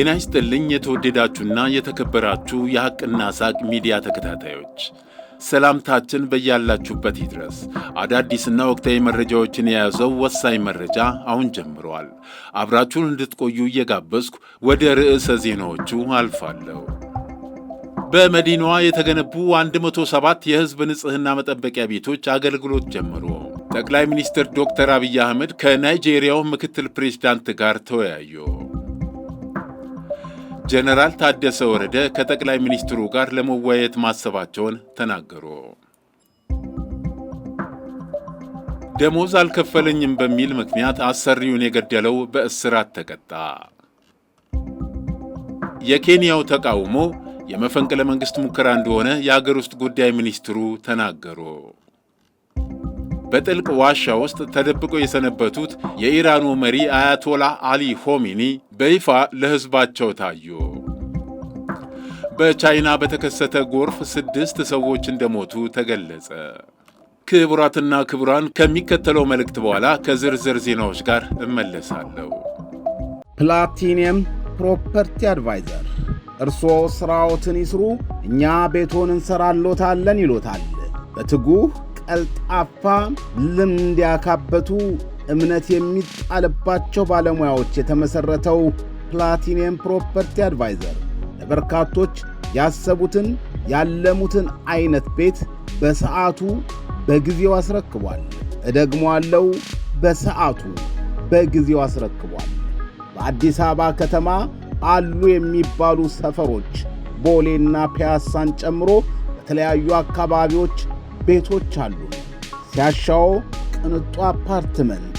ጤና ይስጥልኝ የተወደዳችሁና የተከበራችሁ የሐቅና ሳቅ ሚዲያ ተከታታዮች ሰላምታችን በያላችሁበት ይድረስ። አዳዲስና ወቅታዊ መረጃዎችን የያዘው ወሳኝ መረጃ አሁን ጀምረዋል። አብራችሁን እንድትቆዩ እየጋበዝኩ ወደ ርዕሰ ዜናዎቹ አልፋለሁ። በመዲናዋ የተገነቡ 107 የሕዝብ ንጽህና መጠበቂያ ቤቶች አገልግሎት ጀምሮ ጠቅላይ ሚኒስትር ዶክተር አብይ አህመድ ከናይጄሪያው ምክትል ፕሬዝዳንት ጋር ተወያዩ። ጀነራል ታደሰ ወረደ ከጠቅላይ ሚኒስትሩ ጋር ለመወያየት ማሰባቸውን ተናገሩ። ደሞዝ አልከፈለኝም በሚል ምክንያት አሰሪውን የገደለው በእስራት ተቀጣ። የኬንያው ተቃውሞ የመፈንቅለ መንግሥት ሙከራ እንደሆነ የአገር ውስጥ ጉዳይ ሚኒስትሩ ተናገሩ። በጥልቅ ዋሻ ውስጥ ተደብቀው የሰነበቱት የኢራኑ መሪ አያቶላ አሊ ሆሚኒ በይፋ ለሕዝባቸው ታዩ። በቻይና በተከሰተ ጎርፍ ስድስት ሰዎች እንደሞቱ ተገለጸ። ክቡራትና ክቡራን ከሚከተለው መልእክት በኋላ ከዝርዝር ዜናዎች ጋር እመለሳለሁ። ፕላቲኒየም ፕሮፐርቲ አድቫይዘር እርስዎ ሥራዎትን ይስሩ፣ እኛ ቤቶን እንሰራሎታለን ይሎታል። በትጉህ ቀልጣፋ ልምድ ያካበቱ እምነት የሚጣልባቸው ባለሙያዎች የተመሠረተው ፕላቲኒየም ፕሮፐርቲ አድቫይዘር ለበርካቶች ያሰቡትን ያለሙትን አይነት ቤት በሰዓቱ በጊዜው አስረክቧል። እደግሞ አለው በሰዓቱ በጊዜው አስረክቧል። በአዲስ አበባ ከተማ አሉ የሚባሉ ሰፈሮች ቦሌና ፒያሳን ጨምሮ በተለያዩ አካባቢዎች ቤቶች አሉ። ሲያሻው ቅንጡ አፓርትመንት፣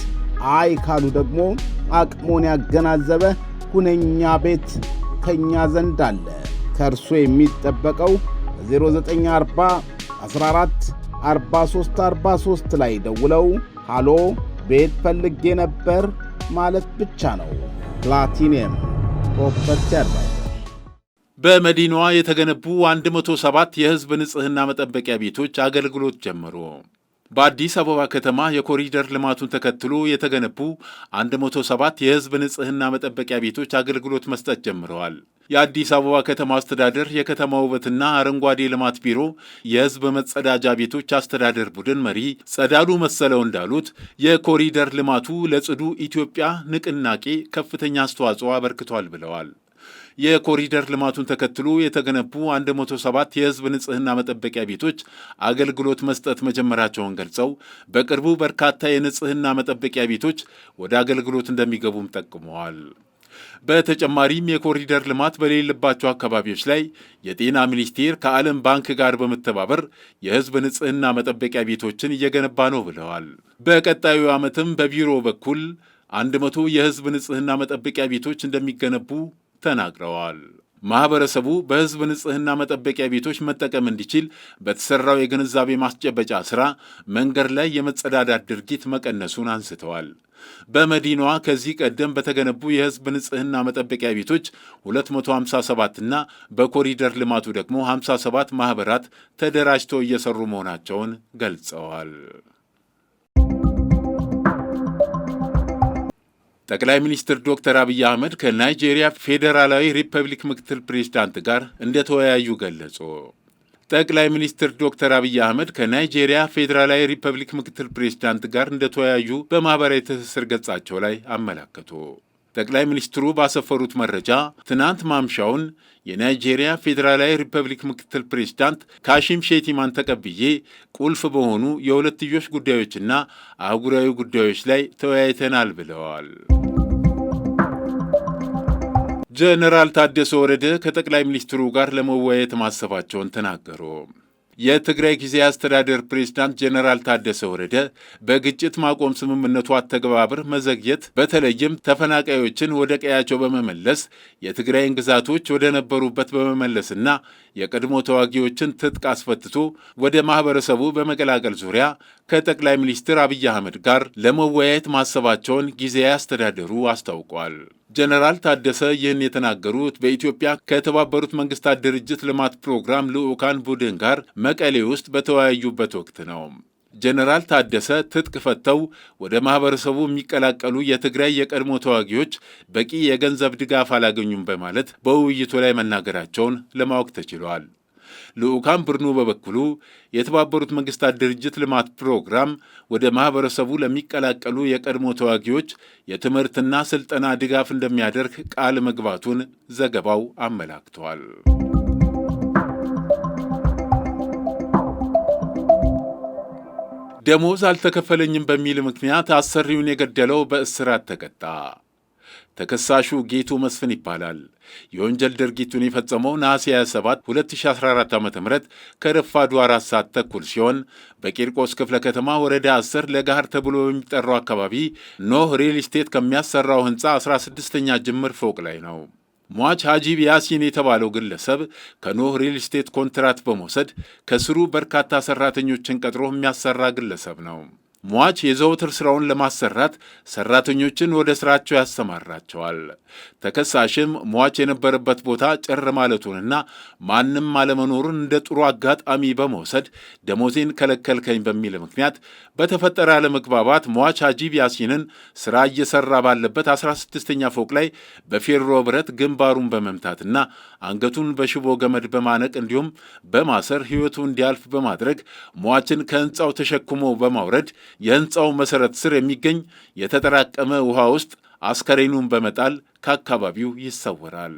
አይ ካሉ ደግሞ አቅሞን ያገናዘበ ሁነኛ ቤት ከኛ ዘንድ አለ። ከእርሶ የሚጠበቀው በ0940 14 ላይ ደውለው ሃሎ ቤት ፈልጌ ነበር ማለት ብቻ ነው። ፕላቲኒየም ፕሮፐርቲ አድቫይዘር በመዲናዋ የተገነቡ 107 የህዝብ ንጽህና መጠበቂያ ቤቶች አገልግሎት ጀመሩ። በአዲስ አበባ ከተማ የኮሪደር ልማቱን ተከትሎ የተገነቡ 107 የህዝብ ንጽህና መጠበቂያ ቤቶች አገልግሎት መስጠት ጀምረዋል። የአዲስ አበባ ከተማ አስተዳደር የከተማ ውበትና አረንጓዴ ልማት ቢሮ የህዝብ መጸዳጃ ቤቶች አስተዳደር ቡድን መሪ ጸዳሉ መሰለው እንዳሉት የኮሪደር ልማቱ ለጽዱ ኢትዮጵያ ንቅናቄ ከፍተኛ አስተዋጽኦ አበርክቷል ብለዋል። የኮሪደር ልማቱን ተከትሎ የተገነቡ 107 የህዝብ ንጽህና መጠበቂያ ቤቶች አገልግሎት መስጠት መጀመራቸውን ገልጸው በቅርቡ በርካታ የንጽህና መጠበቂያ ቤቶች ወደ አገልግሎት እንደሚገቡም ጠቅመዋል። በተጨማሪም የኮሪደር ልማት በሌለባቸው አካባቢዎች ላይ የጤና ሚኒስቴር ከዓለም ባንክ ጋር በመተባበር የህዝብ ንጽህና መጠበቂያ ቤቶችን እየገነባ ነው ብለዋል። በቀጣዩ ዓመትም በቢሮ በኩል 100 የህዝብ ንጽህና መጠበቂያ ቤቶች እንደሚገነቡ ተናግረዋል። ማህበረሰቡ በህዝብ ንጽህና መጠበቂያ ቤቶች መጠቀም እንዲችል በተሰራው የግንዛቤ ማስጨበጫ ስራ መንገድ ላይ የመጸዳዳት ድርጊት መቀነሱን አንስተዋል። በመዲናዋ ከዚህ ቀደም በተገነቡ የህዝብ ንጽህና መጠበቂያ ቤቶች 257 እና በኮሪደር ልማቱ ደግሞ 57 ማኅበራት ተደራጅተው እየሰሩ መሆናቸውን ገልጸዋል። ጠቅላይ ሚኒስትር ዶክተር አብይ አህመድ ከናይጄሪያ ፌዴራላዊ ሪፐብሊክ ምክትል ፕሬዚዳንት ጋር እንደተወያዩ ገለጹ። ጠቅላይ ሚኒስትር ዶክተር አብይ አህመድ ከናይጄሪያ ፌዴራላዊ ሪፐብሊክ ምክትል ፕሬዚዳንት ጋር እንደተወያዩ በማኅበራዊ ትስስር ገጻቸው ላይ አመላከቱ። ጠቅላይ ሚኒስትሩ ባሰፈሩት መረጃ ትናንት ማምሻውን የናይጄሪያ ፌዴራላዊ ሪፐብሊክ ምክትል ፕሬዚዳንት ካሺም ሼቲማን ተቀብዬ ቁልፍ በሆኑ የሁለትዮሽ ጉዳዮችና አህጉራዊ ጉዳዮች ላይ ተወያይተናል ብለዋል። ጀነራል ታደሰ ወረደ ከጠቅላይ ሚኒስትሩ ጋር ለመወያየት ማሰባቸውን ተናገሩ። የትግራይ ጊዜ አስተዳደር ፕሬዝዳንት ጀነራል ታደሰ ወረደ በግጭት ማቆም ስምምነቱ አተገባበር መዘግየት በተለይም ተፈናቃዮችን ወደ ቀያቸው በመመለስ የትግራይን ግዛቶች ወደ ነበሩበት በመመለስና የቀድሞ ተዋጊዎችን ትጥቅ አስፈትቶ ወደ ማህበረሰቡ በመቀላቀል ዙሪያ ከጠቅላይ ሚኒስትር አብይ አህመድ ጋር ለመወያየት ማሰባቸውን ጊዜ አስተዳደሩ አስታውቋል። ጀነራል ታደሰ ይህን የተናገሩት በኢትዮጵያ ከተባበሩት መንግስታት ድርጅት ልማት ፕሮግራም ልዑካን ቡድን ጋር መቀሌ ውስጥ በተወያዩበት ወቅት ነው። ጀነራል ታደሰ ትጥቅ ፈተው ወደ ማህበረሰቡ የሚቀላቀሉ የትግራይ የቀድሞ ተዋጊዎች በቂ የገንዘብ ድጋፍ አላገኙም በማለት በውይይቱ ላይ መናገራቸውን ለማወቅ ተችሏል። ልዑካን ብርኑ በበኩሉ የተባበሩት መንግስታት ድርጅት ልማት ፕሮግራም ወደ ማኅበረሰቡ ለሚቀላቀሉ የቀድሞ ተዋጊዎች የትምህርትና ስልጠና ድጋፍ እንደሚያደርግ ቃል መግባቱን ዘገባው አመላክተዋል። ደሞዝ አልተከፈለኝም በሚል ምክንያት አሰሪውን የገደለው በእስራት ተቀጣ። ተከሳሹ ጌቱ መስፍን ይባላል። የወንጀል ድርጊቱን የፈጸመው ነሐሴ 27 2014 ዓ ም ከረፋዱ አራት ሰዓት ተኩል ሲሆን በቂርቆስ ክፍለ ከተማ ወረዳ 10 ለጋር ተብሎ በሚጠራው አካባቢ ኖህ ሪል ስቴት ከሚያሰራው ሕንፃ 16ኛ ጅምር ፎቅ ላይ ነው። ሟች ሀጂብ ያሲን የተባለው ግለሰብ ከኖህ ሪል ስቴት ኮንትራት በመውሰድ ከስሩ በርካታ ሠራተኞችን ቀጥሮ የሚያሰራ ግለሰብ ነው። ሟች የዘወትር ሥራውን ለማሰራት ሰራተኞችን ወደ ሥራቸው ያሰማራቸዋል። ተከሳሽም ሟች የነበረበት ቦታ ጭር ማለቱንና ማንም አለመኖሩን እንደ ጥሩ አጋጣሚ በመውሰድ ደሞዜን ከለከልከኝ በሚል ምክንያት በተፈጠረ አለመግባባት ሟች አጂብ ያሲንን ሥራ እየሠራ ባለበት 16ኛ ፎቅ ላይ በፌሮ ብረት ግንባሩን በመምታትና አንገቱን በሽቦ ገመድ በማነቅ እንዲሁም በማሰር ሕይወቱ እንዲያልፍ በማድረግ ሟችን ከሕንፃው ተሸክሞ በማውረድ የህንፃው መሰረት ስር የሚገኝ የተጠራቀመ ውሃ ውስጥ አስከሬኑን በመጣል ከአካባቢው ይሰወራል።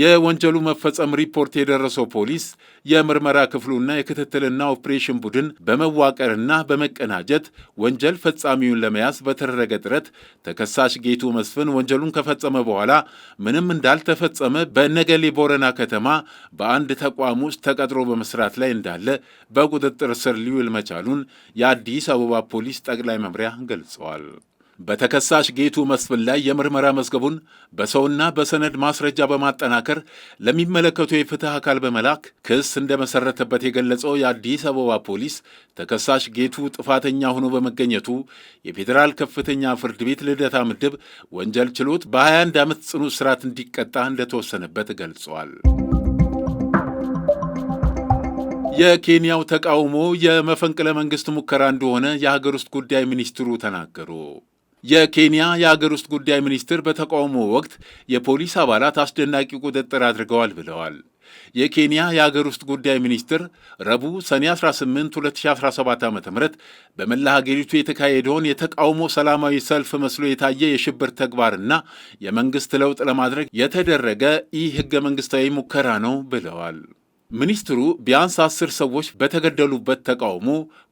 የወንጀሉ መፈጸም ሪፖርት የደረሰው ፖሊስ የምርመራ ክፍሉና የክትትልና ኦፕሬሽን ቡድን በመዋቀርና በመቀናጀት ወንጀል ፈጻሚውን ለመያዝ በተደረገ ጥረት ተከሳሽ ጌቱ መስፍን ወንጀሉን ከፈጸመ በኋላ ምንም እንዳልተፈጸመ በነገሌ ቦረና ከተማ በአንድ ተቋም ውስጥ ተቀጥሮ በመስራት ላይ እንዳለ በቁጥጥር ስር ሊውል መቻሉን የአዲስ አበባ ፖሊስ ጠቅላይ መምሪያ ገልጸዋል። በተከሳሽ ጌቱ መስፍን ላይ የምርመራ መዝገቡን በሰውና በሰነድ ማስረጃ በማጠናከር ለሚመለከቱ የፍትህ አካል በመላክ ክስ እንደመሰረተበት የገለጸው የአዲስ አበባ ፖሊስ ተከሳሽ ጌቱ ጥፋተኛ ሆኖ በመገኘቱ የፌዴራል ከፍተኛ ፍርድ ቤት ልደታ ምድብ ወንጀል ችሎት በ21 ዓመት ጽኑ እስራት እንዲቀጣ እንደተወሰነበት ገልጿል። የኬንያው ተቃውሞ የመፈንቅለ መንግሥት ሙከራ እንደሆነ የሀገር ውስጥ ጉዳይ ሚኒስትሩ ተናገሩ። የኬንያ የአገር ውስጥ ጉዳይ ሚኒስትር በተቃውሞ ወቅት የፖሊስ አባላት አስደናቂ ቁጥጥር አድርገዋል ብለዋል። የኬንያ የአገር ውስጥ ጉዳይ ሚኒስትር ረቡዕ ሰኔ 18 2017 ዓ ም በመላ ሀገሪቱ የተካሄደውን የተቃውሞ ሰላማዊ ሰልፍ መስሎ የታየ የሽብር ተግባርና የመንግሥት ለውጥ ለማድረግ የተደረገ ይህ ሕገ መንግሥታዊ ሙከራ ነው ብለዋል። ሚኒስትሩ ቢያንስ አስር ሰዎች በተገደሉበት ተቃውሞ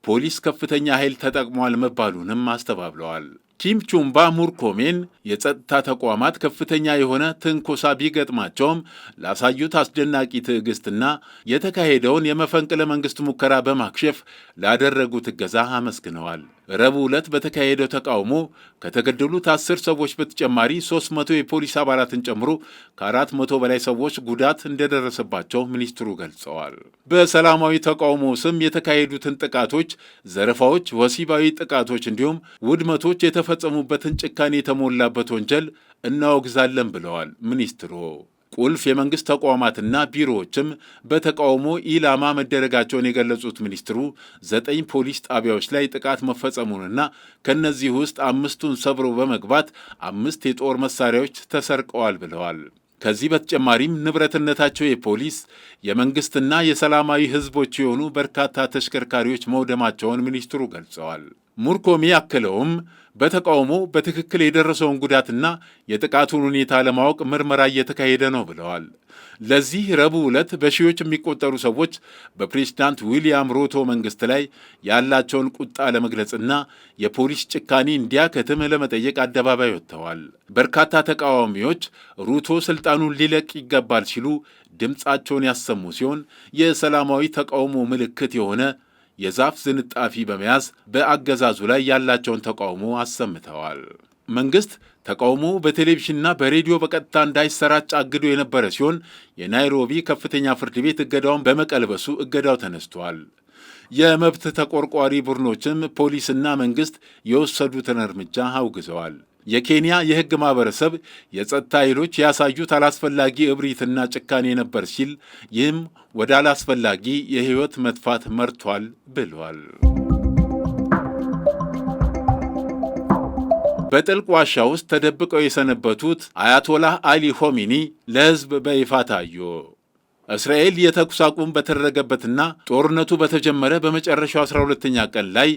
ፖሊስ ከፍተኛ ኃይል ተጠቅሟል መባሉንም አስተባብለዋል። ቹምባ ሙርኮሜን የጸጥታ ተቋማት ከፍተኛ የሆነ ትንኮሳ ቢገጥማቸውም ላሳዩት አስደናቂ ትዕግስትና የተካሄደውን የመፈንቅለ መንግስት ሙከራ በማክሸፍ ላደረጉት እገዛ አመስግነዋል። ረቡዕ ዕለት በተካሄደው ተቃውሞ ከተገደሉት አስር ሰዎች በተጨማሪ 300 የፖሊስ አባላትን ጨምሮ ከአራት መቶ በላይ ሰዎች ጉዳት እንደደረሰባቸው ሚኒስትሩ ገልጸዋል። በሰላማዊ ተቃውሞ ስም የተካሄዱትን ጥቃቶች፣ ዘረፋዎች፣ ወሲባዊ ጥቃቶች እንዲሁም ውድመቶች የተፈ የፈጸሙበትን ጭካኔ የተሞላበት ወንጀል እናወግዛለን ብለዋል ሚኒስትሩ። ቁልፍ የመንግሥት ተቋማትና ቢሮዎችም በተቃውሞ ኢላማ መደረጋቸውን የገለጹት ሚኒስትሩ ዘጠኝ ፖሊስ ጣቢያዎች ላይ ጥቃት መፈጸሙንና ከእነዚህ ውስጥ አምስቱን ሰብሮ በመግባት አምስት የጦር መሳሪያዎች ተሰርቀዋል ብለዋል። ከዚህ በተጨማሪም ንብረትነታቸው የፖሊስ የመንግሥትና የሰላማዊ ሕዝቦች የሆኑ በርካታ ተሽከርካሪዎች መውደማቸውን ሚኒስትሩ ገልጸዋል። ሙርኮሚ ያክለውም በተቃውሞ በትክክል የደረሰውን ጉዳትና የጥቃቱን ሁኔታ ለማወቅ ምርመራ እየተካሄደ ነው ብለዋል። ለዚህ ረቡዕ ዕለት በሺዎች የሚቆጠሩ ሰዎች በፕሬዝዳንት ዊልያም ሮቶ መንግስት ላይ ያላቸውን ቁጣ ለመግለጽና የፖሊስ ጭካኔ እንዲያከትም ለመጠየቅ አደባባይ ወጥተዋል። በርካታ ተቃዋሚዎች ሩቶ ስልጣኑን ሊለቅ ይገባል ሲሉ ድምፃቸውን ያሰሙ ሲሆን የሰላማዊ ተቃውሞ ምልክት የሆነ የዛፍ ዝንጣፊ በመያዝ በአገዛዙ ላይ ያላቸውን ተቃውሞ አሰምተዋል። መንግስት ተቃውሞ በቴሌቪዥንና በሬዲዮ በቀጥታ እንዳይሰራጭ አግዶ የነበረ ሲሆን የናይሮቢ ከፍተኛ ፍርድ ቤት እገዳውን በመቀልበሱ እገዳው ተነስቷል። የመብት ተቆርቋሪ ቡድኖችም ፖሊስና መንግስት የወሰዱትን እርምጃ አውግዘዋል። የኬንያ የህግ ማህበረሰብ የጸጥታ ኃይሎች ያሳዩት አላስፈላጊ እብሪትና ጭካኔ ነበር ሲል ይህም ወደ አላስፈላጊ የህይወት መጥፋት መርቷል ብሏል። በጥልቅ ዋሻ ውስጥ ተደብቀው የሰነበቱት አያቶላህ አሊ ሆሚኒ ለሕዝብ በይፋ ታዩ። እስራኤል የተኩስ አቁም በተደረገበትና ጦርነቱ በተጀመረ በመጨረሻው 12 ሁለተኛ ቀን ላይ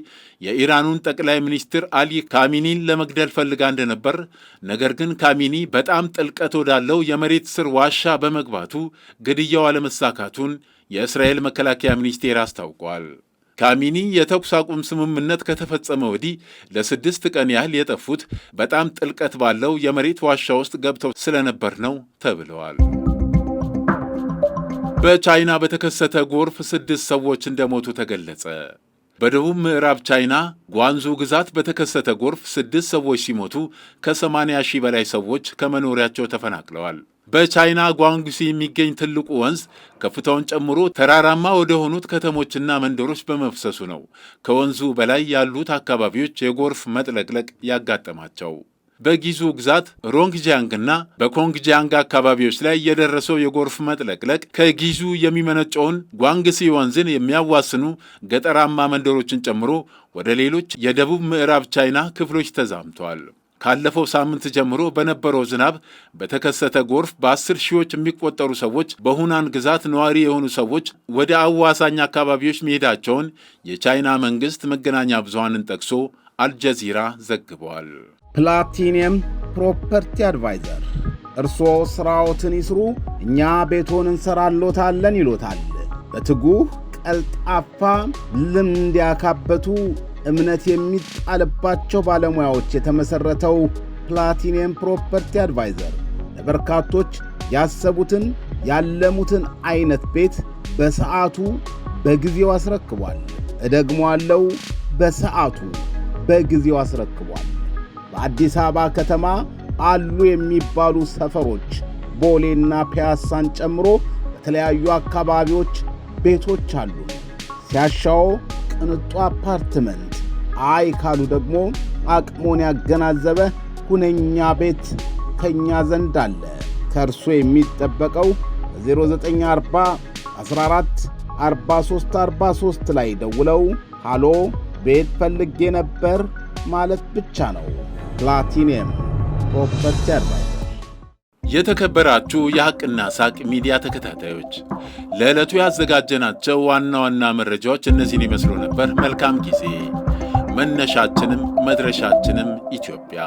የኢራኑን ጠቅላይ ሚኒስትር አሊ ካሚኒን ለመግደል ፈልጋ እንደነበር፣ ነገር ግን ካሚኒ በጣም ጥልቀት ወዳለው የመሬት ስር ዋሻ በመግባቱ ግድያው አለመሳካቱን የእስራኤል መከላከያ ሚኒስቴር አስታውቋል። ካሚኒ የተኩስ አቁም ስምምነት ከተፈጸመ ወዲህ ለስድስት ቀን ያህል የጠፉት በጣም ጥልቀት ባለው የመሬት ዋሻ ውስጥ ገብተው ስለነበር ነው ተብለዋል። በቻይና በተከሰተ ጎርፍ ስድስት ሰዎች እንደሞቱ ተገለጸ። በደቡብ ምዕራብ ቻይና ጓንዙ ግዛት በተከሰተ ጎርፍ ስድስት ሰዎች ሲሞቱ ከ80 ሺህ በላይ ሰዎች ከመኖሪያቸው ተፈናቅለዋል። በቻይና ጓንጉሲ የሚገኝ ትልቁ ወንዝ ከፍታውን ጨምሮ ተራራማ ወደ ሆኑት ከተሞችና መንደሮች በመፍሰሱ ነው ከወንዙ በላይ ያሉት አካባቢዎች የጎርፍ መጥለቅለቅ ያጋጠማቸው። በጊዙ ግዛት ሮንግጃንግና በኮንግጃንግ አካባቢዎች ላይ የደረሰው የጎርፍ መጥለቅለቅ ከጊዙ የሚመነጨውን ጓንግሲ ወንዝን የሚያዋስኑ ገጠራማ መንደሮችን ጨምሮ ወደ ሌሎች የደቡብ ምዕራብ ቻይና ክፍሎች ተዛምተዋል። ካለፈው ሳምንት ጀምሮ በነበረው ዝናብ በተከሰተ ጎርፍ በአስር ሺዎች የሚቆጠሩ ሰዎች በሁናን ግዛት ነዋሪ የሆኑ ሰዎች ወደ አዋሳኝ አካባቢዎች መሄዳቸውን የቻይና መንግሥት መገናኛ ብዙሃንን ጠቅሶ አልጀዚራ ዘግበዋል። ፕላቲኒየም ፕሮፐርቲ አድቫይዘር እርሶ ሥራዎትን ይስሩ፣ እኛ ቤቶን እንሰራሎታለን ይሎታል። በትጉህ ቀልጣፋ፣ ልምድ ያካበቱ፣ እምነት የሚጣልባቸው ባለሙያዎች የተመሠረተው ፕላቲኒየም ፕሮፐርቲ አድቫይዘር ለበርካቶች ያሰቡትን ያለሙትን አይነት ቤት በሰዓቱ በጊዜው አስረክቧል። እደግሞ አለው በሰዓቱ በጊዜው አስረክቧል። በአዲስ አበባ ከተማ አሉ የሚባሉ ሰፈሮች ቦሌና ፒያሳን ጨምሮ በተለያዩ አካባቢዎች ቤቶች አሉ። ሲያሻው ቅንጡ አፓርትመንት፣ አይ ካሉ ደግሞ አቅሞን ያገናዘበ ሁነኛ ቤት ከኛ ዘንድ አለ። ከእርሶ የሚጠበቀው በ0940 14 43 43 ላይ ደውለው ሃሎ ቤት ፈልጌ ነበር ማለት ብቻ ነው። ፕላቲኒየም ፕሮፐርቲ የተከበራችሁ የሐቅና ሳቅ ሚዲያ ተከታታዮች ለዕለቱ ያዘጋጀናቸው ዋና ዋና መረጃዎች እነዚህን ይመስሉ ነበር። መልካም ጊዜ። መነሻችንም መድረሻችንም ኢትዮጵያ